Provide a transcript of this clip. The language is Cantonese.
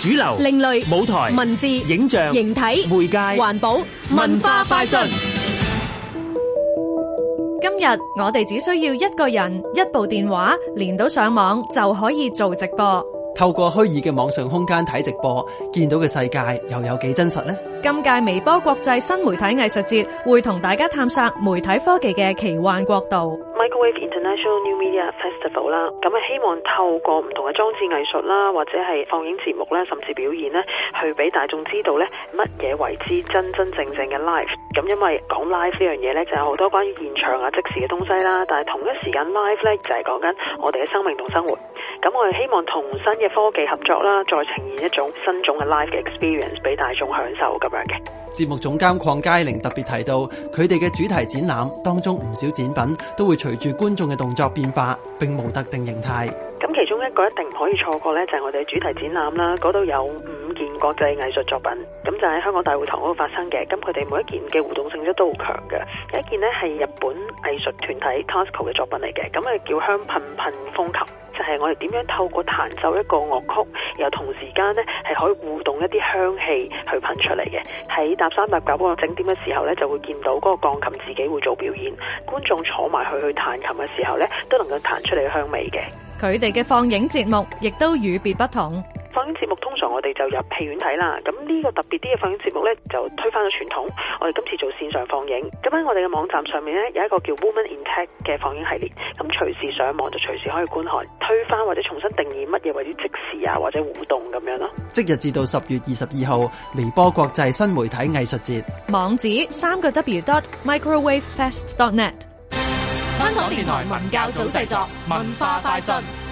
主流、另類舞台、文字、影像、形體、媒介、環保、文化快訊。今日我哋只需要一個人、一部電話，連到上網就可以做直播。透過虛擬嘅網上空間睇直播，見到嘅世界又有幾真實呢？今屆微波國際新媒體藝術節會同大家探索媒體科技嘅奇幻國度。Wave International New Media Festival 啦，咁啊，希望透過唔同嘅裝置藝術啦，或者係放映節目呢，甚至表演呢，去俾大眾知道呢乜嘢為之真真正正嘅 live。咁因為講 live 呢樣嘢呢，就有好多關於現場啊，即時嘅東西啦。但係同一時間 live 呢，就係講緊我哋嘅生命同生活。咁我哋希望同新嘅科技合作啦，再呈現一種新種嘅 live 嘅 experience 俾大眾享受咁樣嘅。節目總監鄺佳玲特別提到，佢哋嘅主題展覽當中唔少展品都會隨住觀眾嘅動作變化，並冇特定形態。咁其中一個一定唔可以錯過呢，就係我哋嘅主題展覽啦。嗰度有五件國際藝術作品，咁就喺香港大會堂嗰度發生嘅。咁佢哋每一件嘅互動性質都好強嘅。第一件呢，係日本藝術團體 Tosco 嘅作品嚟嘅，咁係叫香噴噴風琴。就係、是、我哋點樣透過彈奏一個樂曲，又同時間呢係可以互動一啲香氣去噴出嚟嘅。喺搭三搭九個整點嘅時候呢，就會見到嗰個鋼琴自己會做表演。觀眾坐埋去去彈琴嘅時候呢，都能夠彈出嚟嘅香味嘅。佢哋嘅放映節目亦都與別不同。就入戲院睇啦，咁呢個特別啲嘅放映節目呢，就推翻咗傳統。我哋今次做線上放映，咁喺我哋嘅網站上面呢，有一個叫 Woman in Tech 嘅放映系列，咁隨時上網就隨時可以觀看，推翻或者重新定義乜嘢或者即時啊，或者互動咁樣咯。即日至到十月二十二號，微波國際新媒體藝術節，網址三個 W dot Microwave Fest dot net。香港電台文教組製作，文化快訊。